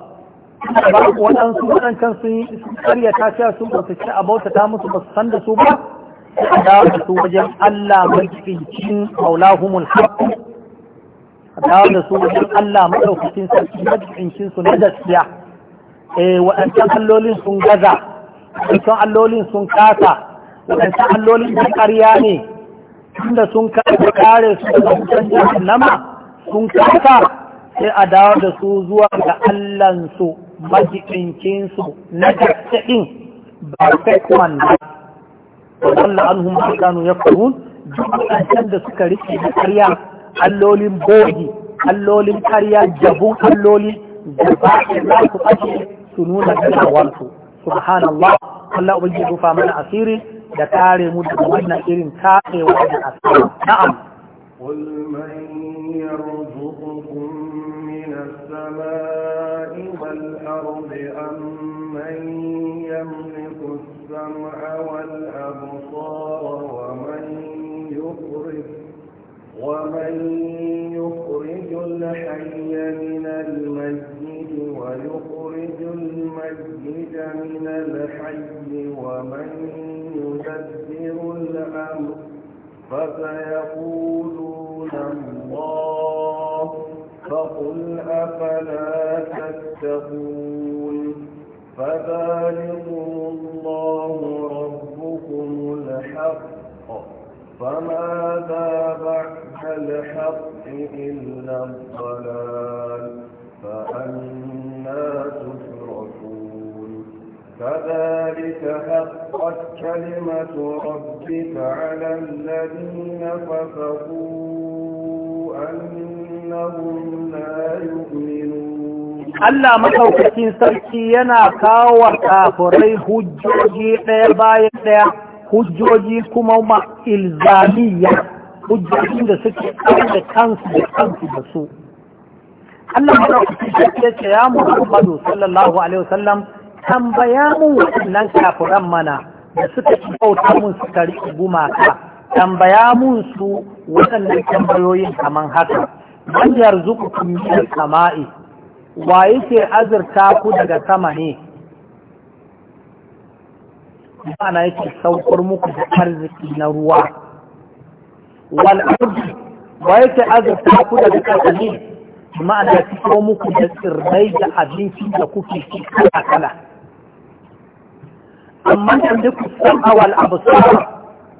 waɗansu waɗancan sun yi karya ta cewa sun ba su ci a bauta ta musu ba su san da su ba a dawo da su wajen Allah mafificin maulahumul haqqu a dawo da su wajen Allah madaukakin sarki mafificin su na gaskiya eh waɗancan allolin sun gaza waɗancan allolin sun kasa waɗancan allolin sun ƙarya ne tunda sun kare su daga wutan jahannama sun kasa sai a dawo da su zuwa ga allahnsu majibincinsu na gaskaɗin ba kai wanda wanda an hun makanu ya kuru duk da suka rike da karya allolin bogi allolin karya jabun alloli da ba za su ake su nuna ganawarsu subhanallah Allah ubangiji rufa mana asiri da kare mu daga wannan irin taɓewa da asiri na'am من يخرج الحي من المسجد ويخرج الميت من الحي ومن يدبر الأمر فسيقولون الله فقل أفلا تتقون فذلكم الله ربكم الحق فماذا بعد الحق إلا الضلال فأنا تفركون كذلك حقت كلمة ربك على الذين فسقوا أنهم لا يؤمنون Allah maɗaukacin sarki yana kawo kafurai hujjoji ɗaya bayan ɗaya hujjoji kuma ma ilzamiya Hujjoji da suke da kansu da kansu da su Allah ya ce ya Muhammadu sallallahu alaihi wasallam tambaya mu waɗannan kafiran mana da suka ci bauta mun suka gumaka tambaya mun su waɗannan tambayoyin kaman haka man yarzuqukum min sama'i wa yake azurta ku daga sama ne ana yake saukar muku da arziki na ruwa wal'arzi ba yake azurta ku daga ƙarƙani ma'ana ya fito muku da tsirrai da abinci da kuke ci kala kala amma da ku san awal abusar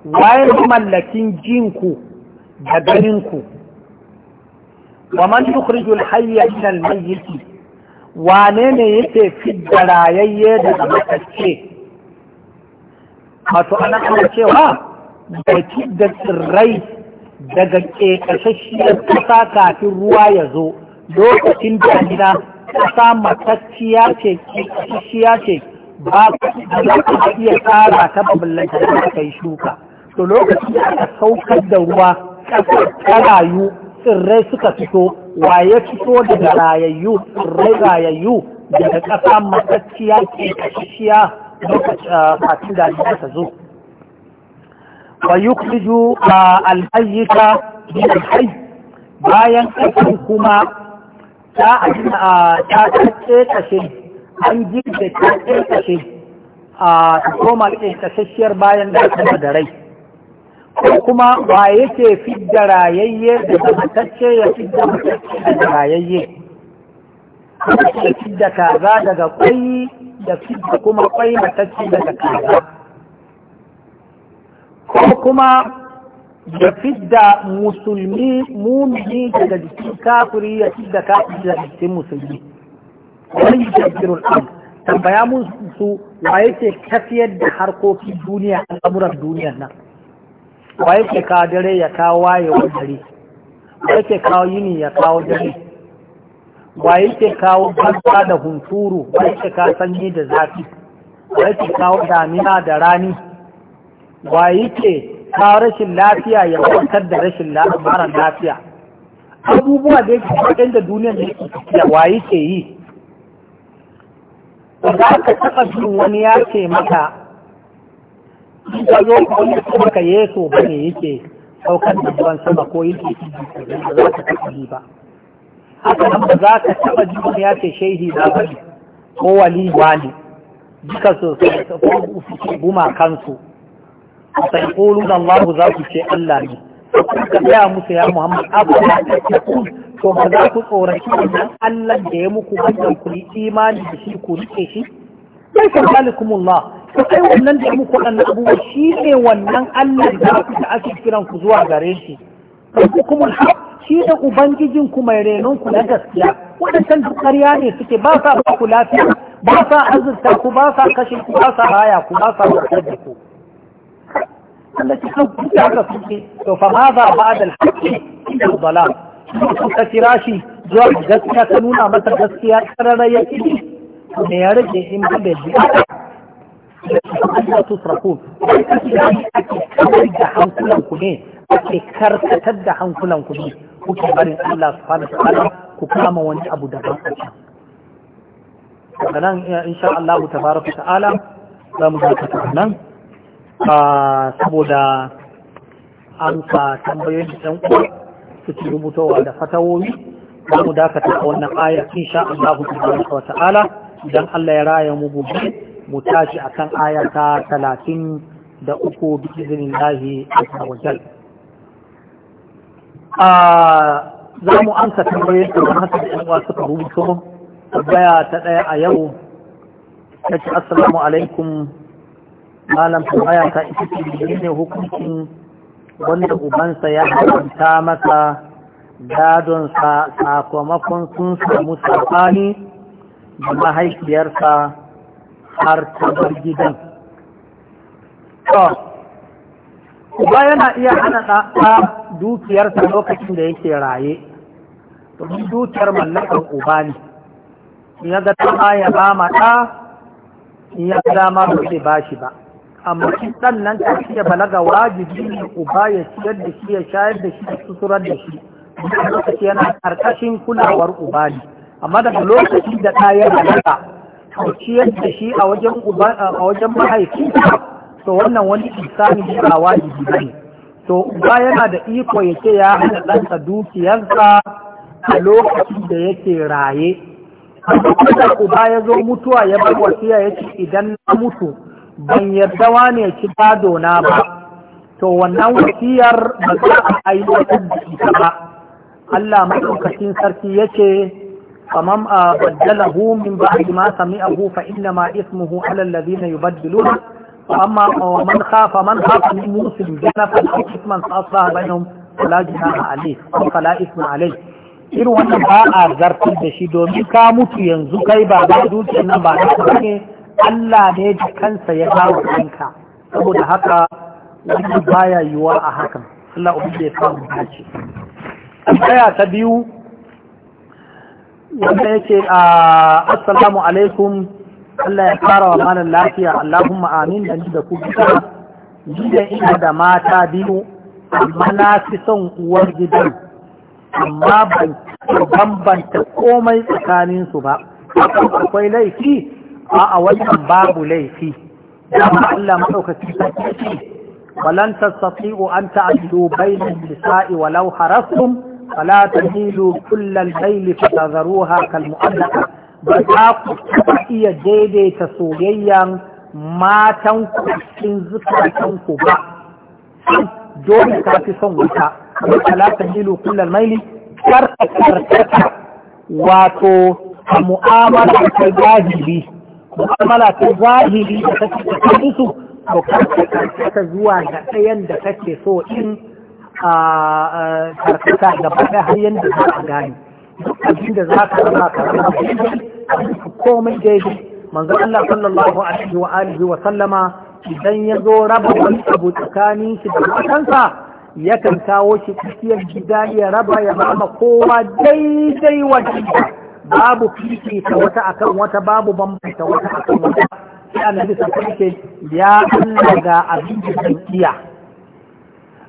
waye mallakin jinku da ganinku wa man yukhrijul hayya min al mayyit wa ne yake fidda rayayye daga matacce wato ana ana cewa baki da tsirrai daga ƙeƙasasshiyar ƙasa kafin ruwa ya zo lokacin da damina ƙasa matacciya ce ƙeƙashashiya ce ba za iya tsara ta babban da aka yi shuka to lokacin da aka saukar da ruwa ƙasar ta rayu tsirrai suka fito wa ya fito daga rayayyu tsirrai rayayyu daga ƙasa matacciya ƙeƙashashiya lokacin ah, damina ta zo wa yukhriju ah, al-hayyita min al-hayy bayan aikin kuma ta ajina ah, ta tace kashe an girbe ta ƙashe a koma ɗin kasasshiyar bayan da da rai ko kuma wa yake da rayayye da zamantacce ya da matacce da rayayye ya da kaza daga kwai da fidda kuma kwai matacce daga kaza ko kuma ya fidda musulmi mumini daga jikin kafiri ya fidda kafiri daga jikin musulmi wani jirgin al'am tambaya mun su wa yake tafiyar da harkokin duniya al'amuran duniyar nan wa yake kawo dare ya kawo waye dare wa yake kawo yini ya kawo dare ba yake kawo banza da hunturu ba yake ka sanyi da zafi ba yake kawo damina da rani ba yake kawo rashin lafiya ya kwantar da rashin mara lafiya abubuwa da yake kwaɗin da duniya da yake tafiya wa yake yi ba za ka taɓa jin wani ya ce maka ka zo ka wani kuma ka yeso ba ne yake saukar da ruwan sama ko yake ciki da za ka taɓa yi ba haka nan ba za ka taɓa jin ya ce shehi da bane ko wali wani duka su su guma kansu sai quluna Allah za ku ce Allah ne ka gaya musu ya Muhammad abu da ce ku to ba za ku tsoraci wannan Allah da ya muku wannan ku yi imani da shi ku rike shi sai ka zalikumullah to kai wannan da ya muku wannan abubuwa shi ne wannan Allah da ake kiran ku zuwa gare shi rabbukum alhaq shi da ubangijin ku mai renon ku na gaskiya wadannan duk ƙarya ne suke ba sa ba ku lafiya ba sa azurta ku ba sa kashe ku ba sa haya ku ba sa warkar da ku Allah ki san ku da haka suke to fa ma za ba da alhaqi illa dalal ka kira shi zuwa gaskiya Ta nuna masa gaskiya karara ya ci me ya rage in ba da ji Allah tusrafu kai kake da hankulan ku ne ake karkatar da hankulan ku kuke barin Allah su fara ta'ala ku kama wani abu daban a can daga nan insha Allah tabaraka ta'ala za mu kata nan ah, saboda an amsa tambayoyin ɗan uwa ci rubutowa da fatawoyi za mu dakata a wannan aya insha Allah tabaraka wa ta'ala idan Allah ya raya mu gobe mu tashi akan aya ta talatin da uku bi izinin lahi a wa za mu amsa tambayoyin da haka da yan wasu suka rubuto tambaya ta ɗaya a yau ta ce assalamu alaikum malam tambaya ta ita ce ne hukuncin wanda ubansa ya haramta masa gadonsa sakamakon sun samu sabani da mahaifiyarsa har ta bar gidan. uba yana iya hana ɗa dukiyarsa lokacin da yake raye ni dukiyar mallakar uba ne in ya ga ma ya ba ma ɗa in ya ga dama ba zai ba shi ba amma shi ɗan nan ta shi ya balaga wajibi ne uba ya ciyar da shi ya shayar da shi ya suturar da shi lokaci yana ƙarƙashin kulawar uba ne amma daga lokacin da ɗa ya balaga to ciyar da shi a wajen mahaifinsa to wannan wani isani ba wajibi bane to uba yana da iko ya ce ya hana ɗansa dukiyarsa a lokacin da yake raye da uba ya zo mutuwa ya bar wasiya ya ce idan na mutu ban yarda wani ya ci gado na ba to wannan wasiyar ba za a aiwatar da ita ba Allah maɗaukacin sarki ya ce kamar a ah, baddalahu min ba'di ma abu. fa inna ma ismuhu ala alladhina yubaddiluna وأما ومن خاف من خاف من موسم جنفا أو ba a zartar da shi domin ka mutu yanzu kai ba da dukiyar Allah ne kansa ya kawo ɗinka saboda haka baya yiwuwa a hakan Allah ta biyu wanda yake a alaikum Allah ya fara wa malam lafiya Allahumma amin da da ku gida gidan ina da mata biyu amma na fi son uwar gidan amma ban bambanta komai tsakanin su ba akwai laifi a a wannan babu laifi dama Allah madaukaki sarki walan tastati'u an ta'dilu bayna nisai walau harastum fala tahilu kullal bayli fatadharuha kal mu'allaqa ba za ku taɓa iya daidaita soyayyan matan cikin zukatan ku ba dole ka fi son wuta ba talata ilu kullal maili karka karkata wato a mu'amala ta zahiri mu'amala ta zahiri da fi tsakanin su to karka karkata zuwa ga ɗayan da kake so in karkata ba ɗaya har yadda za a gane duk abin da za ka raba ka raba komai daidai manzo Allah sallallahu alaihi wa alihi wa sallama idan ya zo raba wani abu tsakani shi da matansa yakan kawo shi cikin gida ya raba ya ba kowa daidai wajen babu ta wata akan wata babu bambanta wata akan wata sai annabi sallallahu alaihi ya Allah ga abin da zan iya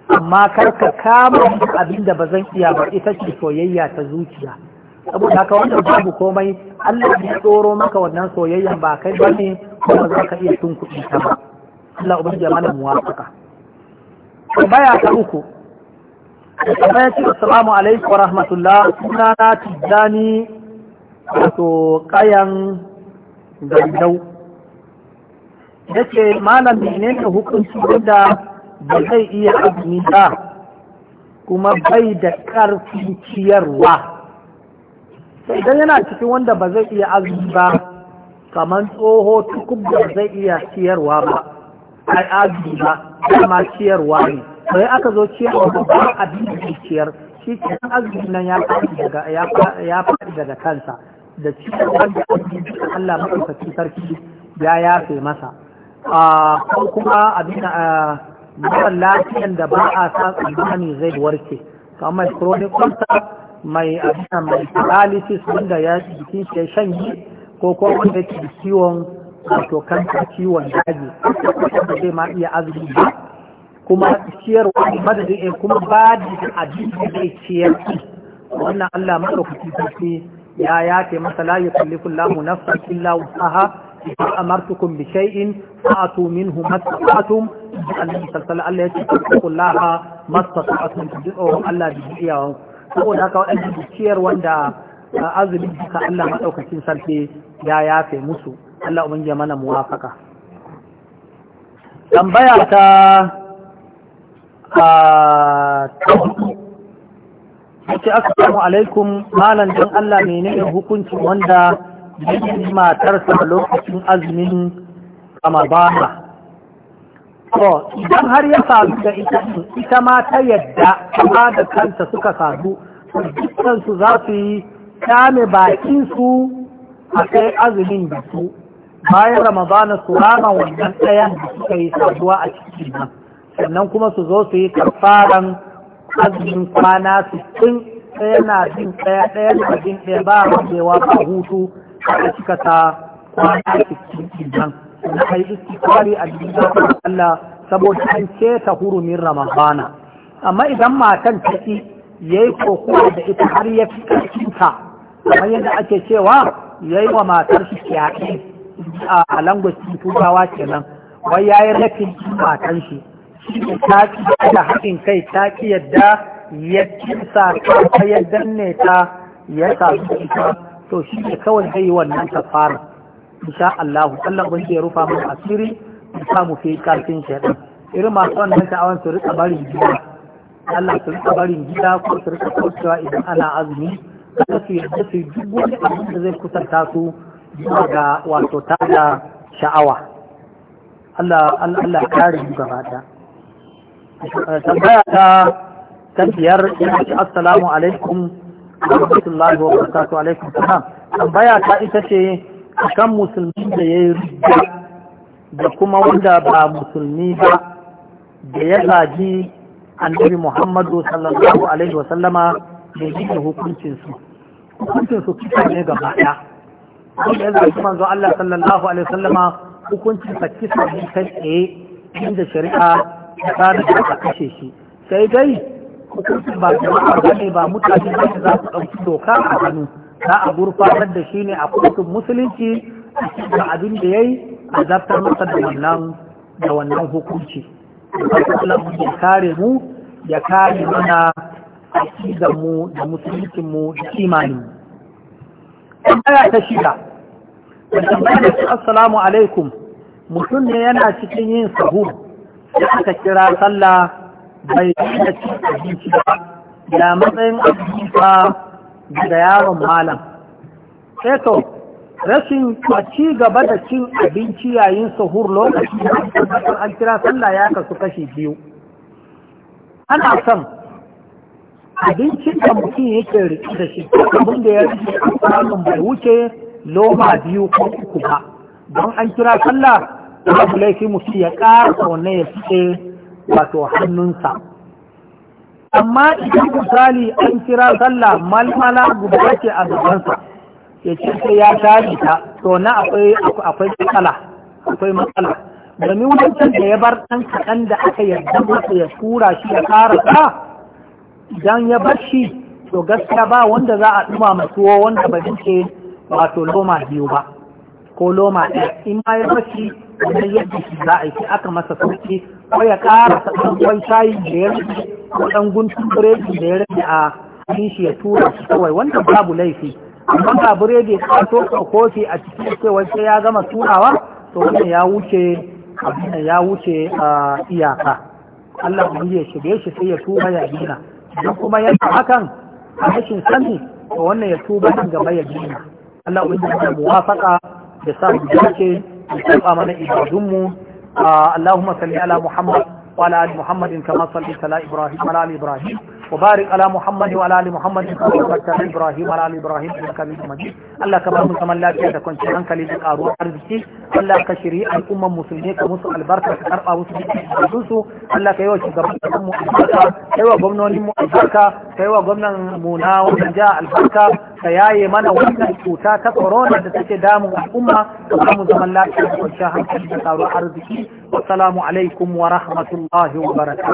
amma karka kama abin da ba zan iya ba ita ce soyayya ta zuciya saboda haka wannan babu komai Allah ya tsoro maka wannan soyayyan ba kai ba ne kuma za ka iya tun kuɗi ta ba Allah ubangiji mana muwafaka tambaya ta uku tambaya ce assalamu alaikum wa rahmatullah na tijjani wato kayan gandau yace malam menene hukunci wanda ba zai iya azumi ba kuma bai da ƙarfin ciyarwa idan yana cikin wanda ba zai iya azumi ba kamar tsoho tukub da zai iya ciyarwa ba ai azumi ba dama ciyarwa ne sai aka zo ciyarwa ba ba abin da ciyar shi ke azumi nan ya faɗi daga kansa da ciyarwa da Allah mafi sarki ya yafe masa ko kuma abin lafiyan da ba a sa tsammani zai warke kamar chronic ulcer mai abin mai paralysis wanda ya jikin shi ya shanye ko kuma wanda yake ciwon wato kanka ciwon daji wanda zai ma iya azumi ba kuma ciyarwa madadin ya eh, kuma ba da abinci zai ciyar wannan Allah madaukaki sarki ya yafe masa la yukallifu Allahu nafsan illa wusaha idan amartukum bi shay'in fa'atu minhu mastata'tum annabi sallallahu alaihi wasallam Allah ya ce kullaha mastata'tum bi Allah bi iyawanku saboda haka waɗanda ciyar wanda azumi duka Allah maɗaukacin sarki ya yafe musu Allah umin ya mana muwafaka tambaya ta a ce samu alaikum malam don Allah menene hukunci wanda yi matarsa lokacin azumin ramadana to idan har ya faru da ita ita ma ta yadda kuma da kanta suka sadu dukkan su za su yi kame bakin su a kai azumin da su bayan ramadana su rama wannan ɗayan da suka yi saduwa a cikin nan sannan kuma su zo su yi karfaran azumin kwana sittin ɗaya na jin ɗaya ɗaya na jin ɗaya ba rabewa ba hutu a cika ta kwana cikin nan da iski kwari a zafin Allah saboda an ce ta hurumin Ramadana amma idan matan ciki ya yi kokuwa da ita har ya fi karfinta kamar yadda ake cewa ya yi wa matar shi kiyaye a langwacin turawa kenan wai yayi rafin matan shi shi ta da haɗin kai ta ki yadda ya kisa ta ya danne ta ya sa ita to shi ne kawai zai yi wannan kafara insha Allah Allah ban ya rufa mu asiri mu samu fi karfin shaitan irin masu wannan ta'awan su rika barin gida Allah su rika barin gida ko su rika kaucewa idan ana azumi kada su yarda su duk wani abin da zai kusanta su zuwa ga wato tada sha'awa Allah Allah kare mu gaba da tambaya ta tafiyar biyar ina ce assalamu alaikum wa rahmatullahi wa barakatuh alaikum salam tambaya ta ita ce kan musulmi da ya yi rigya da kuma wanda ba musulmi ba da ya zaji annabi muhammadu sallallahu alaihi wasallama da yake hukuncinsu hukuncinsu kisa ne gaba ɗaya wanda ya zaji manzo Allah sallallahu alaihi wasallama hukuncinsa kisa ne kai tsaye inda shari'a ta da ta kashe shi sai dai hukuncin ba jama'a ba ne ba mutane ba za su ɗauki doka a hannu za a gurfanar da shi ne a kotun musulunci da abin da ya yi a zartar masa da wannan da wannan hukunci Allah ya kare mu ya kare mana a mu da musulunci mu da imanin mu aya ta shida wanda bayan assalamu alaikum mutum ne yana cikin yin sahur Ya aka kira sallah bai da cin abinci ba da matsayin abinci ba da yaron malam sai eh rashin a ci gaba da cin abinci yayin sahur lokaci an kira sallah ya kasu kashi biyu ana son abincin da mutum yake riƙe da shi abin da ya rike samun bai wuce loma biyu ko uku ba don an kira sallah babu laifi mutum ya ƙara wannan ya fice wato hannunsa amma idan misali an kira sallah malmala guda ce a gabansa ya ce sai ya tashi ta to na akwai akwai matsala akwai matsala domin wancan da ya bar ɗan kaɗan da aka yarda masa ya tura shi ya ƙara sa idan ya bar shi to gaskiya ba wanda za a duba masuwa wanda ba ce wato loma biyu ba ko loma ɗaya in ma ya bar shi wannan yadda shi za a yi aka masa sauki ko ya ƙara ɗan shayi da ya rage ko ɗan guntun biredi da ya rage a cikin shi ya tura shi kawai wanda babu laifi amma ba biredi ka toka kofi a cikin cewa sai ya gama turawa to wannan ya wuce abin ya wuce a iyaka Allah ya yi shi sai ya tuba ya gina idan kuma yana hakan a rashin sani to wannan ya tuba nan gaba ya gina Allah ya yi muwafaka da sa mu dace mu mana ibadunmu اللهم صل على محمد وعلى ال محمد كما صليت على ابراهيم وعلى ال ابراهيم وبارك على محمد وعلى ال محمد وبارك على ابراهيم وعلى ال ابراهيم انك حميد مجيد الله كبار من لا تيجي arziki Allah ka shiri al'umman musulmi ka musu albarka ka karɓa musu jikinsu Allah ka yi wa shugabannin mu albarka ka yi wa gwamnonin mu albarka ka yi wa gwamnan mu na wajen jiha albarka ka yaye mana wannan cuta ta corona da take damun al'umma ka ba mu zaman lafiya da hankali da arziki wassalamu alaikum wa rahmatullahi